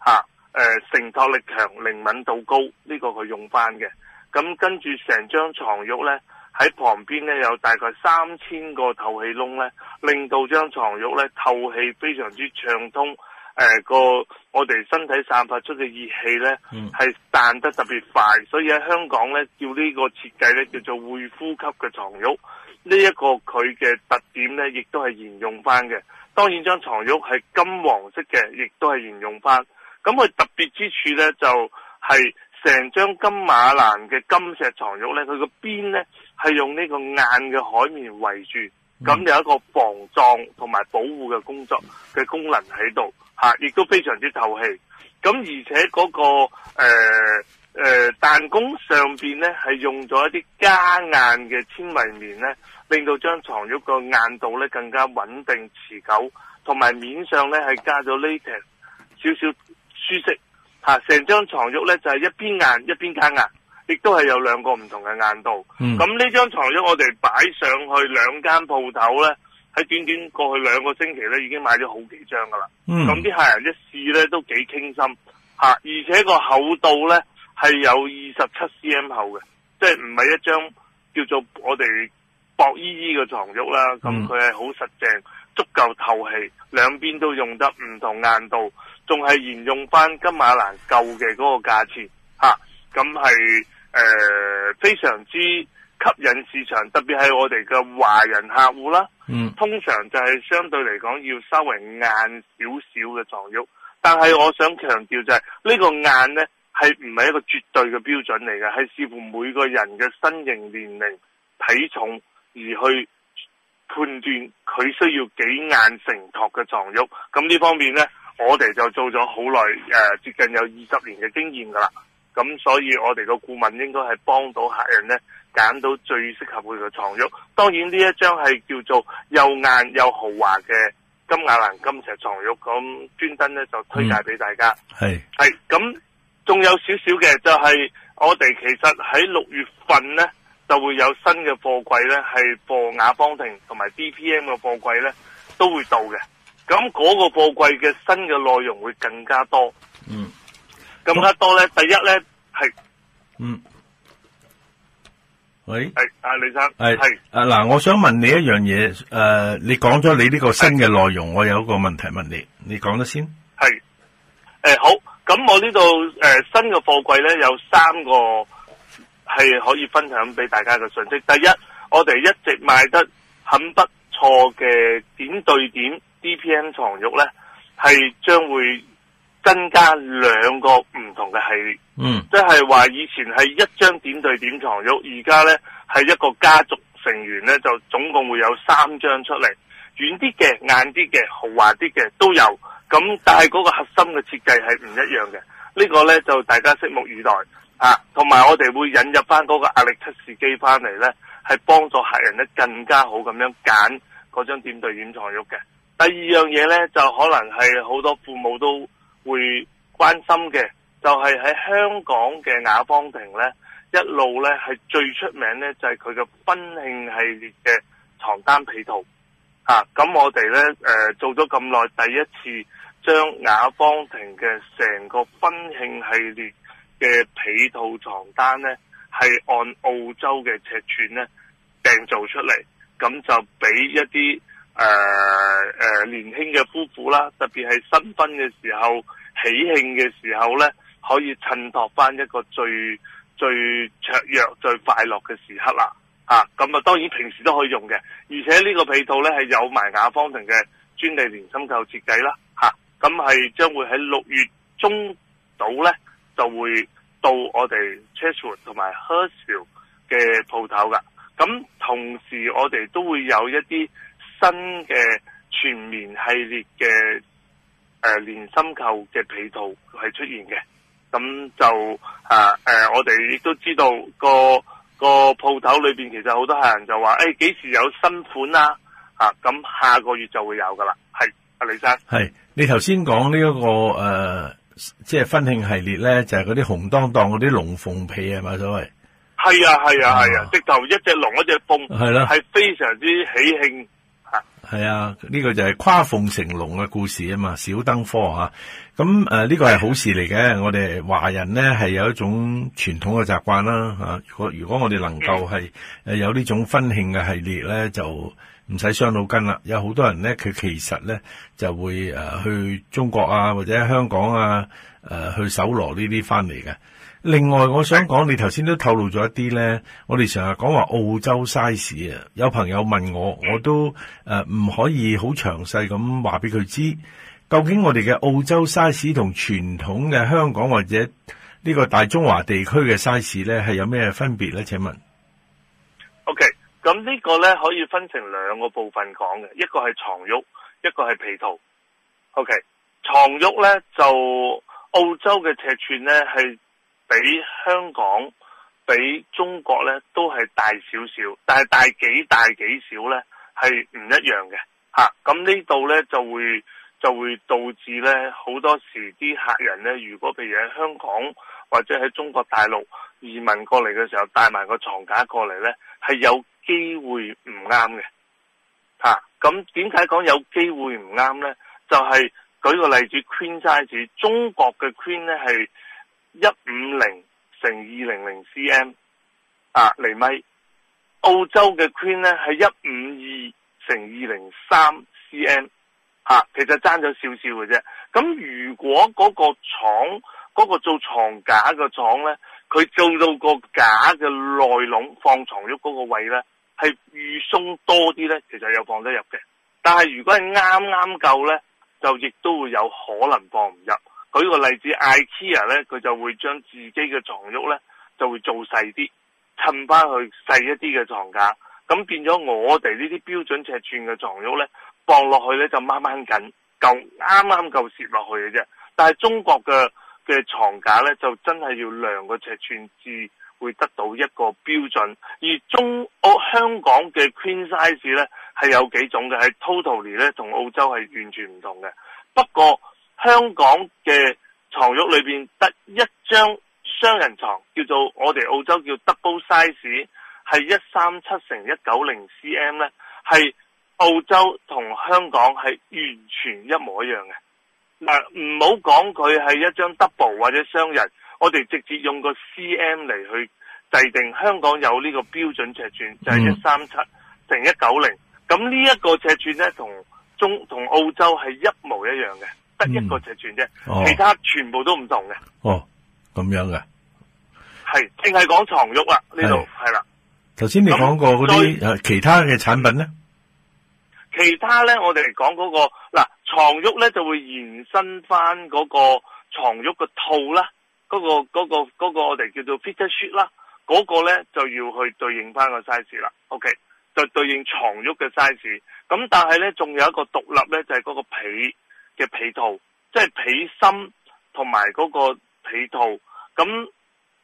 嚇，誒、啊呃、承托力強、靈敏度高，呢、這個佢用翻嘅。咁跟住成張床褥呢，喺旁邊呢有大概三千個透氣窿呢，令到張床褥呢透氣非常之暢通。誒、呃，個我哋身體散發出嘅熱氣呢，係散、mm. 得特別快，所以喺香港呢，叫呢個設計呢，叫做會呼吸嘅床褥。呢、這、一個佢嘅特點呢，亦都係沿用翻嘅。當然張床褥係金黃色嘅，亦都係沿用翻。咁佢特別之處呢，就係、是、成張金馬蘭嘅金石床褥呢，佢個邊呢，係用呢個硬嘅海綿圍住，咁、mm. 有一個防撞同埋保護嘅工作嘅功能喺度。吓，亦、啊、都非常之透氣。咁、啊、而且嗰、嗰個誒誒彈弓上邊咧係用咗一啲加硬嘅纖維棉咧，令到張床褥個硬度咧更加穩定持久。同埋面上咧係加咗呢條少少舒適吓，成、啊、張床褥咧就係、是、一邊硬一邊加硬，亦都係有兩個唔同嘅硬度。咁呢張床褥我哋擺上去兩間鋪頭咧。喺短短過去兩個星期咧，已經買咗好幾張噶啦。咁啲、嗯、客人一試咧都幾傾心嚇、啊，而且個厚度咧係有二十七 cm 厚嘅，嗯、即係唔係一張叫做「我哋薄衣衣」嘅床褥啦。咁佢係好實淨，足夠透氣，兩邊都用得唔同硬度，仲係沿用翻金馬蘭舊嘅嗰個價錢嚇。咁係誒非常之吸引市場，特別係我哋嘅華人客戶啦。嗯，通常就係相對嚟講要稍微硬少少嘅床褥，但係我想強調就係、是、呢、這個硬呢，係唔係一個絕對嘅標準嚟嘅，係視乎每個人嘅身形、年齡、體重而去判斷佢需要幾硬承托嘅床褥。咁、嗯、呢方面呢，我哋就做咗好耐誒，接近有二十年嘅經驗噶啦。咁、嗯、所以我哋個顧問應該係幫到客人呢揀到最適合佢嘅床褥。當然呢一張係叫做又硬又豪華嘅金雅蘭金石床褥。咁專登咧就推介俾大家。係係咁，仲有少少嘅就係、是、我哋其實喺六月份呢，就會有新嘅貨櫃呢係貨雅芳庭同埋 BPM 嘅貨櫃呢都會到嘅。咁嗰個貨櫃嘅新嘅內容會更加多。嗯，更加多呢？嗯、第一呢係嗯。喂，係阿李生，係是，阿嗱是、啊，我想問你一樣嘢，誒、呃，你講咗你呢個新嘅內容，是我有一個問題問你，你講得先。係，誒、呃、好，咁我呢度誒新嘅貨櫃咧有三個係可以分享俾大家嘅信息。第一，我哋一直賣得很不錯嘅點對點 DPM 床褥咧，係將會。增加兩個唔同嘅系列，嗯，即係話以前係一張點對點牀褥，而家呢係一個家族成員呢就總共會有三張出嚟，軟啲嘅、硬啲嘅、豪華啲嘅都有。咁但係嗰個核心嘅設計係唔一樣嘅。呢個呢就大家拭目以待啊！同埋我哋會引入翻嗰個壓力測試機翻嚟呢係幫助客人呢更加好咁樣揀嗰張點對點牀褥嘅。第二樣嘢呢，就可能係好多父母都，會關心嘅就係、是、喺香港嘅雅芳婷呢一路呢係最出名呢就係佢嘅婚慶系列嘅牀單被套，吓、啊、咁我哋呢，誒、呃、做咗咁耐，第一次將雅芳婷嘅成個婚慶系列嘅被套牀單呢，係按澳洲嘅尺寸呢，訂做出嚟，咁就俾一啲。誒誒、呃呃，年輕嘅夫婦啦，特別係新婚嘅時候、喜慶嘅時候呢，可以襯托翻一個最最卓越、最快樂嘅時刻啦。吓，咁啊，當然平時都可以用嘅，而且呢個被套呢係有埋雅芳婷嘅專利連心扣設計啦。吓、啊，咁係將會喺六月中到呢，就會到我哋 Chester 同埋 Hershey 嘅鋪頭噶。咁、啊、同時我哋都會有一啲。新嘅全棉系列嘅誒、呃、連心扣嘅被套係出現嘅，咁就啊誒、呃，我哋亦都知道個個鋪頭裏邊其實好多客人就話，誒、欸、幾時有新款啦、啊？吓、啊、咁、啊嗯、下個月就會有噶啦。係阿李生，係你頭先講呢一個誒，即係婚慶系列咧，就係嗰啲紅當當嗰啲龍鳳被啊，係咪所謂？係啊係啊係啊，啊啊哦、直頭一隻龍一隻鳳、啊，係咯、啊，係非常之喜慶。係啊，呢、這個就係跨鳳成龍嘅故事啊嘛，小登科吓，咁誒呢個係好事嚟嘅。我哋華人呢係有一種傳統嘅習慣啦吓、啊。如果如果我哋能夠係誒有呢種婚慶嘅系列呢，就唔使傷腦筋啦。有好多人呢，佢其實呢就會誒、啊、去中國啊或者香港啊誒、啊、去搜羅呢啲翻嚟嘅。另外，我想講，你頭先都透露咗一啲呢。我哋成日講話澳洲 size 啊，有朋友問我，我都誒唔、呃、可以好詳細咁話俾佢知，究竟我哋嘅澳洲 size 同傳統嘅香港或者呢個大中華地區嘅 size 呢係有咩分別呢？請問？OK，咁呢個呢可以分成兩個部分講嘅，一個係床褥，一個係被套。OK，床褥呢就澳洲嘅尺寸呢係。比香港、比中國呢都係大少少，但係大幾大幾少呢係唔一樣嘅吓。咁、啊、呢度呢就會就會導致呢好多時啲客人呢，如果譬如喺香港或者喺中國大陸移民過嚟嘅時候帶埋個床架過嚟呢係有機會唔啱嘅吓。咁點解講有機會唔啱呢？就係、是、舉個例子，Queen Size 中國嘅 Queen 呢係。一五零乘二零零 cm 啊厘米，澳洲嘅 Queen 咧係一五二乘二零三 cm，吓、啊、其實爭咗少少嘅啫。咁、嗯、如果嗰個廠嗰、嗰個做床架嘅廠咧，佢做到個架嘅內籠放床褥嗰個位咧，係預鬆多啲咧，其實有放得入嘅。但係如果係啱啱夠咧，就亦都會有可能放唔入。舉個例子，IKEA 咧，佢就會將自己嘅床褥咧就會做細啲，襯翻去細一啲嘅床架，咁變咗我哋呢啲標準尺寸嘅床褥咧放落去咧就掹掹緊，夠啱啱夠攝落去嘅啫。但係中國嘅嘅牀架咧就真係要量個尺寸至會得到一個標準，而中屋香港嘅 Queen size 咧係有幾種嘅，喺 Totally 咧同澳洲係完全唔同嘅，不過。香港嘅床褥裏邊得一張雙人牀，叫做我哋澳洲叫 double size，係一三七乘一九零 cm 咧，係澳洲同香港係完全一模一樣嘅。誒，唔好講佢係一張 double 或者雙人，我哋直接用個 cm 嚟去制定。香港有呢個標準尺寸，就係一三七乘一九零，咁呢一個尺寸呢，同中同澳洲係一模一樣嘅。一個尺寸啫，哦、其他全部都唔同嘅。哦，咁樣嘅，係淨係講床褥啦，呢度係啦。頭先你講過嗰啲誒其他嘅產品咧，其他咧我哋嚟講嗰個嗱床褥咧就會延伸翻嗰個床褥嘅套啦，嗰、嗰個嗰、嗰個、嗰個嗰個我哋叫做 fitted sheet 啦，嗰、嗰個咧就要去對應翻個 size 啦。OK，就對應床褥嘅 size。咁但係咧仲有一個獨立咧就係嗰個被嘅被套，即係被芯同埋嗰個被套，咁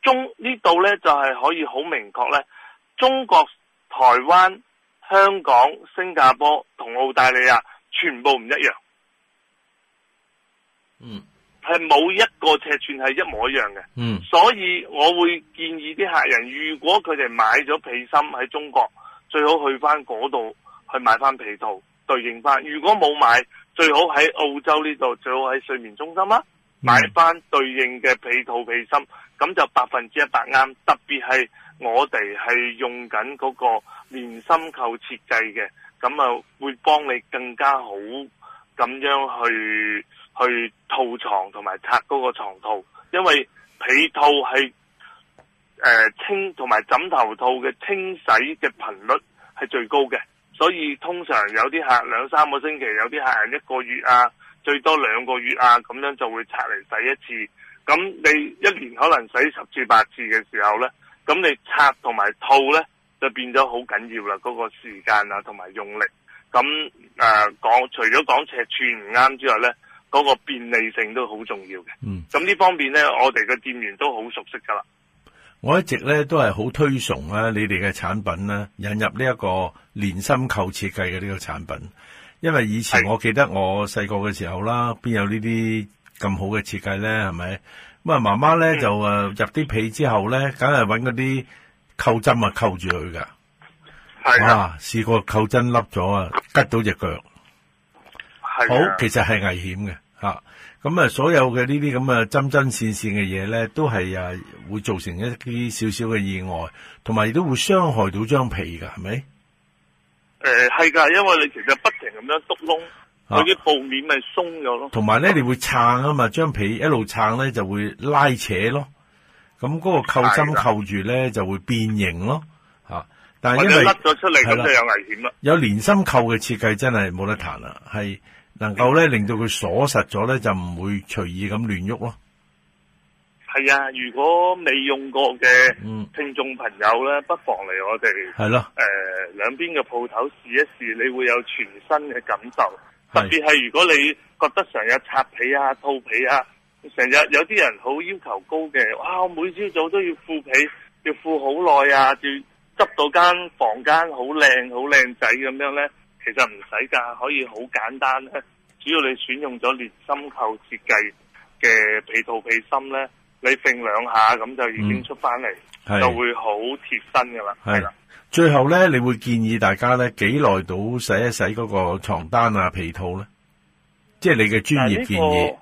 中呢度呢，就係、是、可以好明確呢，中國、台灣、香港、新加坡同澳大利亞全部唔一樣，嗯，係冇一個尺寸係一模一樣嘅，嗯，所以我會建議啲客人，如果佢哋買咗被芯喺中國，最好去翻嗰度去買翻被套對應翻，如果冇買。最好喺澳洲呢度，最好喺睡眠中心啦、啊，買翻對應嘅被套被芯，咁就百分之一百啱。特別係我哋係用緊嗰個連心扣設計嘅，咁啊會幫你更加好咁樣去去套床同埋拆嗰個床套，因為被套係誒清同埋枕頭套嘅清洗嘅頻率係最高嘅。所以通常有啲客兩三個星期，有啲客人一個月啊，最多兩個月啊，咁樣就會拆嚟洗一次。咁你一年可能洗十次八次嘅時候呢，咁你拆同埋套呢，就變咗好緊要啦。嗰個時間啊，同埋用力。咁誒講，除咗講尺寸唔啱之外呢，嗰個便利性都好重要嘅。嗯，咁呢方面呢，我哋嘅店員都好熟悉噶啦。我一直咧都係好推崇啊，你哋嘅產品啦、啊，引入呢一個連心扣設計嘅呢個產品，因為以前我記得我細個嘅時候啦，邊的有呢啲咁好嘅設計咧？係咪咁啊？媽媽咧、嗯、就誒入啲被之後咧，梗係揾嗰啲扣針扣的啊扣住佢噶，哇！試過扣針笠咗啊，吉到隻腳，的好，其實係危險嘅吓。啊咁啊，所有嘅呢啲咁嘅針針線線嘅嘢咧，都係啊會造成一啲少少嘅意外，同埋都會傷害到張皮噶，係咪？誒、呃，係噶，因為你其實不停咁樣篤窿，嗰啲、啊、布面咪鬆咗咯。同埋咧，你會撐啊嘛，張皮一路撐咧就會拉扯咯。咁嗰的個扣針扣住咧就會變形咯。吓、啊，但係因為甩咗出嚟，咁就有危險啦。有連心扣嘅設計真係冇得彈啦，係。能夠咧令到佢鎖實咗咧，就唔會隨意咁亂喐咯。係啊，如果未用過嘅聽眾朋友咧，不妨嚟，我哋係咯，誒，兩邊嘅鋪頭試一試，你會有全新嘅感受。特別係如果你覺得成日擦皮啊、套皮啊，成日有啲人好要求高嘅，哇！我每朝早都要鋪皮，要鋪好耐啊，要執到間房間好靚、好靚仔咁樣咧。其實唔使噶，可以好簡單咧。只要你選用咗連心扣設計嘅被套被芯咧，你揈兩下咁就已經出翻嚟，嗯、就會好貼身噶啦。係啦的，的最後咧你會建議大家咧幾耐度洗一洗嗰個床單啊被套咧？即係你嘅專業建議？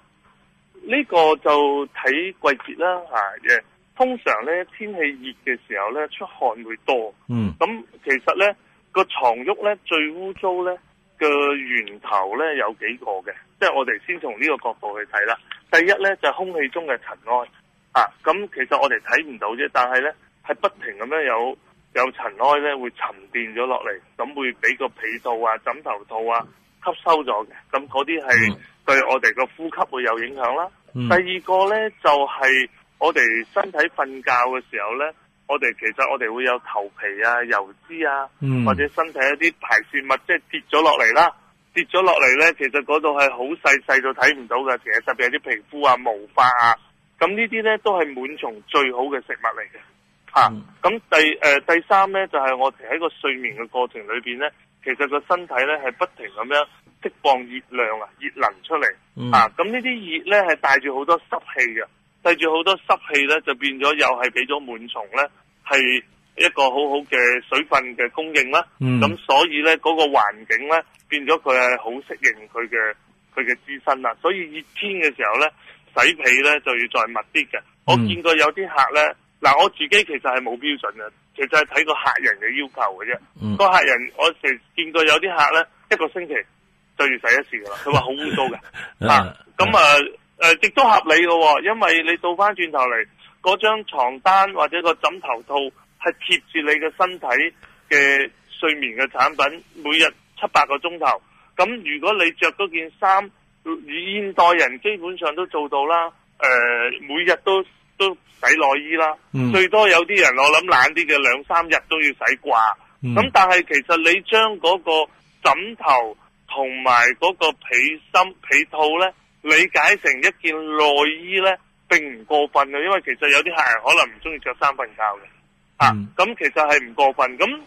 呢、這個這個就睇季節啦吓嘅。啊、yeah，通常咧天氣熱嘅時候咧出汗會多，嗯，咁其實咧。個床褥咧最污糟咧嘅源頭咧有幾個嘅，即係我哋先從呢個角度去睇啦。第一咧就係、是、空氣中嘅塵埃啊，咁其實我哋睇唔到啫，但係咧係不停咁樣有有塵埃咧會沉澱咗落嚟，咁會俾個被套啊、枕頭套啊吸收咗嘅，咁嗰啲係對我哋個呼吸會有影響啦。嗯、第二個咧就係、是、我哋身體瞓覺嘅時候咧。我哋其實我哋會有頭皮啊、油脂啊，嗯、或者身體一啲排泄物，即係跌咗落嚟啦，跌咗落嚟咧，其實嗰度係好細，細到睇唔到嘅嘢，其實特別係啲皮膚啊、毛髮啊，咁呢啲咧都係蟎蟲最好嘅食物嚟嘅，吓、嗯啊。咁第誒、呃、第三咧就係、是，我哋喺個睡眠嘅過程裏邊咧，其實個身體咧係不停咁樣釋放熱量熱、嗯、啊、熱能出嚟，啊，咁呢啲熱咧係帶住好多濕氣嘅。帶住好多濕氣咧，就變咗又係俾咗蟎蟲咧，係一個好好嘅水分嘅供應啦。咁所以咧，嗰個環境咧，變咗佢係好適應佢嘅佢嘅滋生啦。所以熱天嘅時候咧，洗被咧就要再密啲嘅。我見過有啲客咧，嗱我自己其實係冇標準嘅，其實係睇個客人嘅要求嘅啫。個客人我成見過有啲客咧，一個星期就要洗一次噶啦。佢話好污糟嘅，啊咁啊。誒，亦、呃、都合理嘅、哦，因為你倒翻轉頭嚟，嗰張床單或者個枕頭套係貼住你嘅身體嘅睡眠嘅產品，每日七八個鐘頭。咁、嗯、如果你着嗰件衫、呃，現代人基本上都做到啦。誒、呃，每日都都洗內衣啦，嗯、最多有啲人我諗懶啲嘅，兩三日都要洗掛。咁、嗯嗯、但係其實你將嗰個枕頭同埋嗰個被芯被套呢，理解成一件內衣呢，並唔過分嘅，因為其實有啲客人可能唔中意着衫瞓覺嘅，嗯、啊，咁其實，係唔過分。咁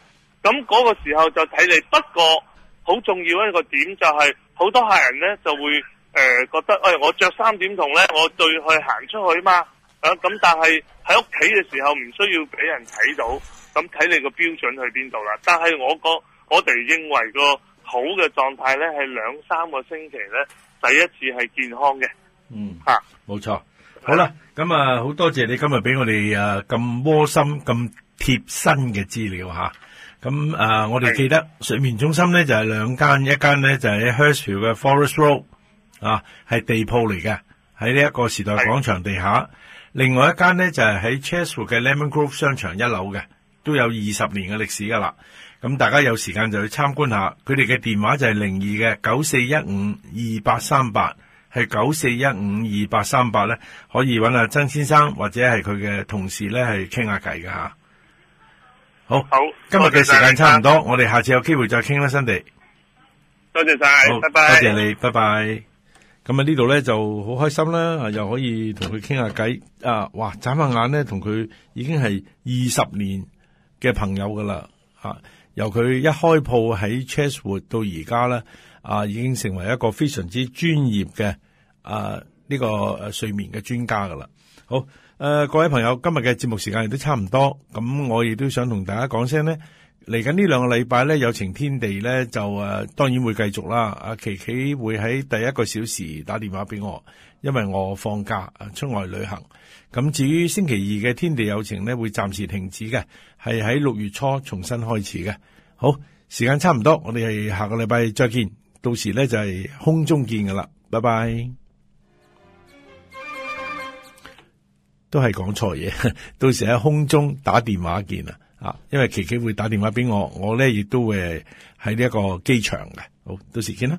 咁嗰個時候就睇你。不過好重要一個點，就是，就係好多客人呢就會誒、呃、覺得，誒、哎、我着衫點同呢？我對去行出去嘛。啊咁，但係喺屋企嘅時候唔需要俾人睇到。咁睇你個標準去邊度啦？但係我個我哋認為個好嘅狀態呢，係兩三個星期呢。第一次係健康嘅，嗯嚇，冇錯。好啦，咁啊，錯是好，啊多謝你今日俾我哋啊咁窩心、咁貼身嘅資料嚇。咁啊，啊，我哋記得睡眠是中心咧就係兩間，一間咧就喺、是、Hurstville 嘅 Forest Road 啊，係地鋪嚟嘅，喺呢一個時代廣場地下。是另外一間咧就係、是、喺 Chatswood 嘅 Lemon Grove 商場一樓嘅。都有二十年嘅歷史噶啦，咁大家有時間就去參觀下佢哋嘅電話就係零二嘅九四一五二八三八，係九四一五二八三八咧，可以搵阿曾先生或者係佢嘅同事咧，係傾下偈嘅吓。好，好，今日嘅時間差唔多，多我哋下次有機會再傾啦，Cindy。多謝晒，好拜拜多謝你，拜拜。咁啊，呢度咧就好開心啦，又可以同佢傾下偈啊！哇，眨下眼咧，同佢已經係二十年。嘅朋友噶啦，吓、啊、由佢一開鋪喺 Chesswood 到而家咧，啊已經成為一個非常之專業嘅啊呢、這個睡眠嘅專家噶啦。好誒、啊，各位朋友，今日嘅節目時間亦都差唔多，咁我亦都想同大家講聲呢。嚟緊呢兩個禮拜咧有情天地咧就誒、啊，當然會繼續啦。阿琪琪會喺第一個小時打電話俾我。因為我放假，啊、出外旅行，咁至於星期二嘅天地有情咧，會暫時停止嘅，係喺六月初重新開始嘅。好，時間差唔多，我哋係下個禮拜再見，到時咧就係、是、空中見噶啦，拜拜。 都係講錯嘢，到時喺空中打電話見啊，啊，因為琪琪會打電話俾我，我咧亦都會喺呢一個機場嘅，好，到時見啦。